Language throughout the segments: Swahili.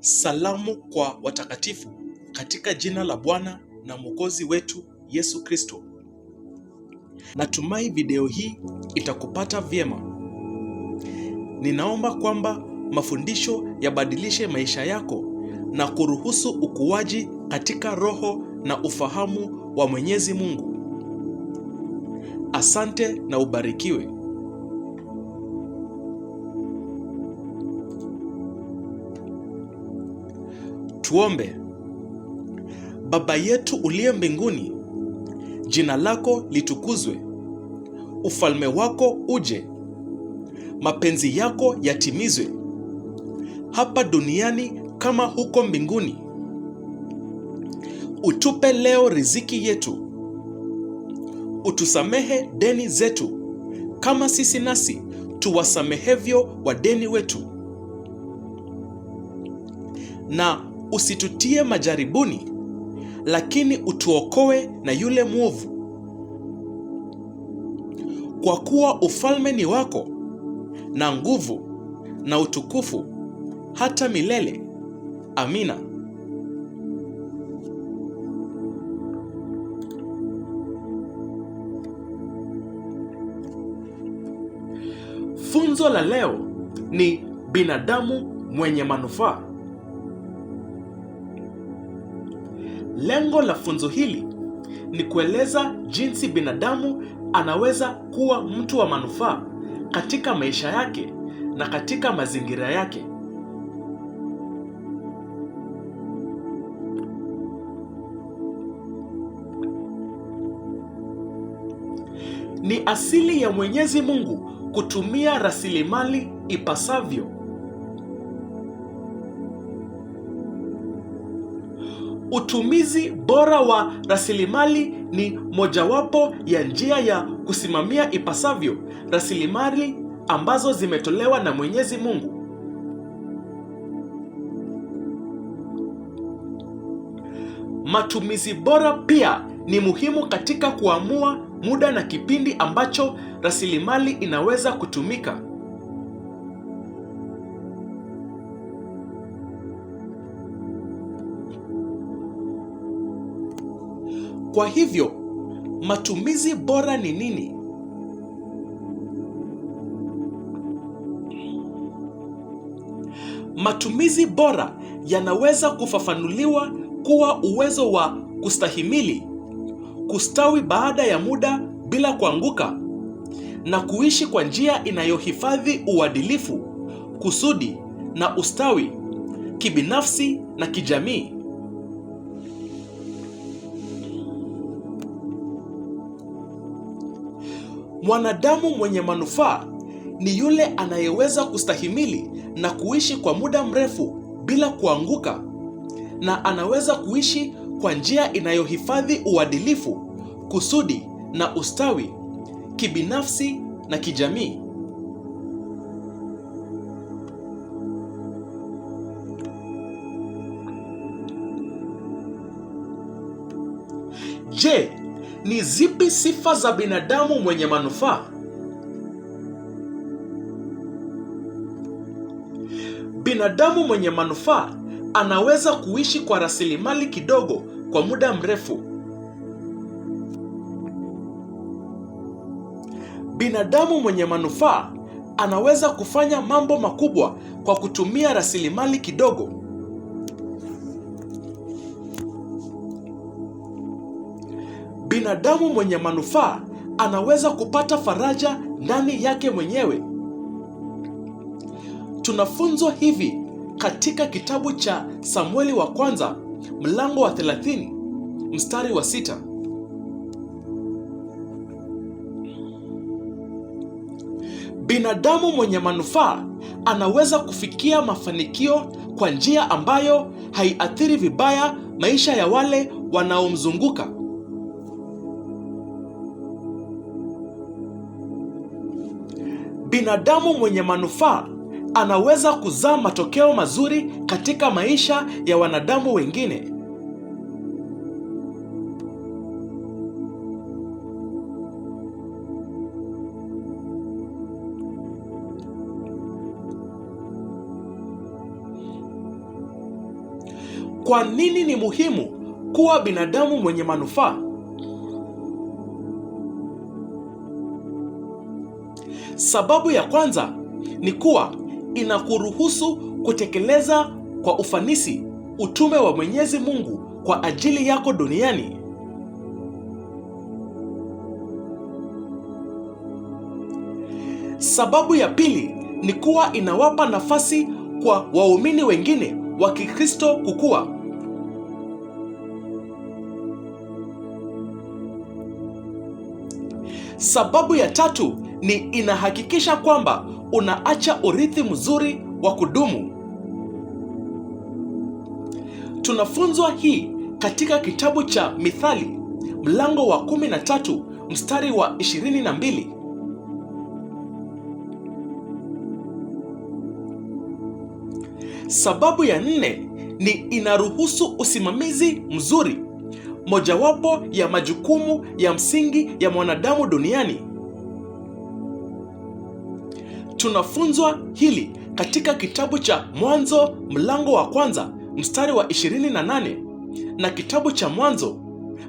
Salamu kwa watakatifu katika jina la Bwana na Mwokozi wetu Yesu Kristo. Natumai video hii itakupata vyema. Ninaomba kwamba mafundisho yabadilishe maisha yako na kuruhusu ukuaji katika roho na ufahamu wa Mwenyezi Mungu. Asante na ubarikiwe. Tuombe. Baba yetu uliye mbinguni, jina lako litukuzwe, ufalme wako uje, mapenzi yako yatimizwe hapa duniani kama huko mbinguni. Utupe leo riziki yetu, utusamehe deni zetu kama sisi nasi tuwasamehevyo wadeni wetu, na usitutie majaribuni, lakini utuokoe na yule mwovu. Kwa kuwa ufalme ni wako na nguvu na utukufu hata milele. Amina. Funzo la leo ni binadamu mwenye manufaa. Lengo la funzo hili ni kueleza jinsi binadamu anaweza kuwa mtu wa manufaa katika maisha yake na katika mazingira yake. Ni asili ya Mwenyezi Mungu kutumia rasilimali ipasavyo. Utumizi bora wa rasilimali ni mojawapo ya njia ya kusimamia ipasavyo rasilimali ambazo zimetolewa na Mwenyezi Mungu. Matumizi bora pia ni muhimu katika kuamua muda na kipindi ambacho rasilimali inaweza kutumika. Kwa hivyo, matumizi bora ni nini? Matumizi bora yanaweza kufafanuliwa kuwa uwezo wa kustahimili, kustawi baada ya muda bila kuanguka, na kuishi kwa njia inayohifadhi uadilifu, kusudi na ustawi, kibinafsi na kijamii. Mwanadamu mwenye manufaa ni yule anayeweza kustahimili na kuishi kwa muda mrefu bila kuanguka, na anaweza kuishi kwa njia inayohifadhi uadilifu, kusudi na ustawi kibinafsi na kijamii. Je, ni zipi sifa za binadamu mwenye manufaa? Binadamu mwenye manufaa anaweza kuishi kwa rasilimali kidogo kwa muda mrefu. Binadamu mwenye manufaa anaweza kufanya mambo makubwa kwa kutumia rasilimali kidogo. Binadamu mwenye manufaa anaweza kupata faraja ndani yake mwenyewe. Tunafunzwa hivi katika kitabu cha Samueli wa kwanza mlango wa 30 mstari wa sita. Binadamu mwenye manufaa anaweza kufikia mafanikio kwa njia ambayo haiathiri vibaya maisha ya wale wanaomzunguka. Binadamu mwenye manufaa anaweza kuzaa matokeo mazuri katika maisha ya wanadamu wengine. Kwa nini ni muhimu kuwa binadamu mwenye manufaa? Sababu ya kwanza ni kuwa inakuruhusu kutekeleza kwa ufanisi utume wa Mwenyezi Mungu kwa ajili yako duniani. Sababu ya pili ni kuwa inawapa nafasi kwa waumini wengine wa Kikristo kukua. Sababu ya tatu ni inahakikisha kwamba unaacha urithi mzuri wa kudumu. Tunafunzwa hii katika kitabu cha Mithali mlango wa 13 mstari wa 22. Sababu ya nne ni inaruhusu usimamizi mzuri, mojawapo ya majukumu ya msingi ya mwanadamu duniani. Tunafunzwa hili katika kitabu cha Mwanzo mlango wa kwanza mstari wa 28 na kitabu cha Mwanzo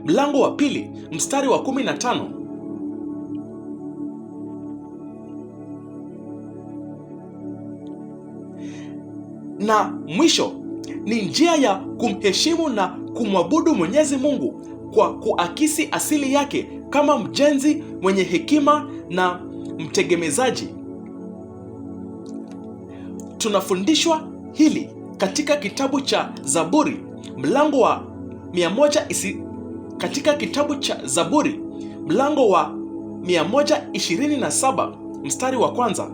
mlango wa pili mstari wa 15. Na mwisho ni njia ya kumheshimu na kumwabudu Mwenyezi Mungu kwa kuakisi asili yake kama mjenzi mwenye hekima na mtegemezaji tunafundishwa hili katika kitabu cha Zaburi mlango wa isi, katika kitabu cha Zaburi mlango wa 127 mstari wa kwanza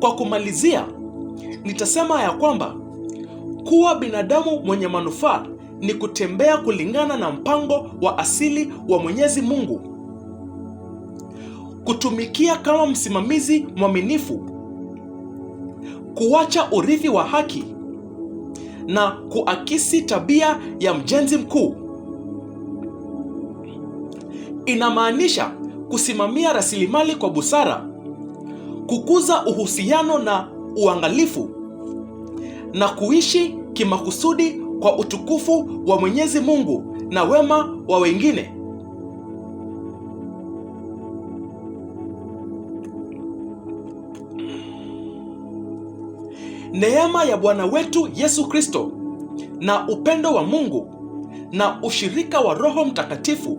Kwa kumalizia, nitasema ya kwamba kuwa binadamu mwenye manufaa ni kutembea kulingana na mpango wa asili wa Mwenyezi Mungu, kutumikia kama msimamizi mwaminifu, kuacha urithi wa haki na kuakisi tabia ya mjenzi mkuu. Inamaanisha kusimamia rasilimali kwa busara, kukuza uhusiano na uangalifu na kuishi kimakusudi kwa utukufu wa Mwenyezi Mungu na wema wa wengine. Neema ya Bwana wetu Yesu Kristo na upendo wa Mungu na ushirika wa Roho Mtakatifu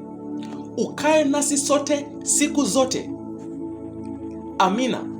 ukae nasi sote siku zote. Amina.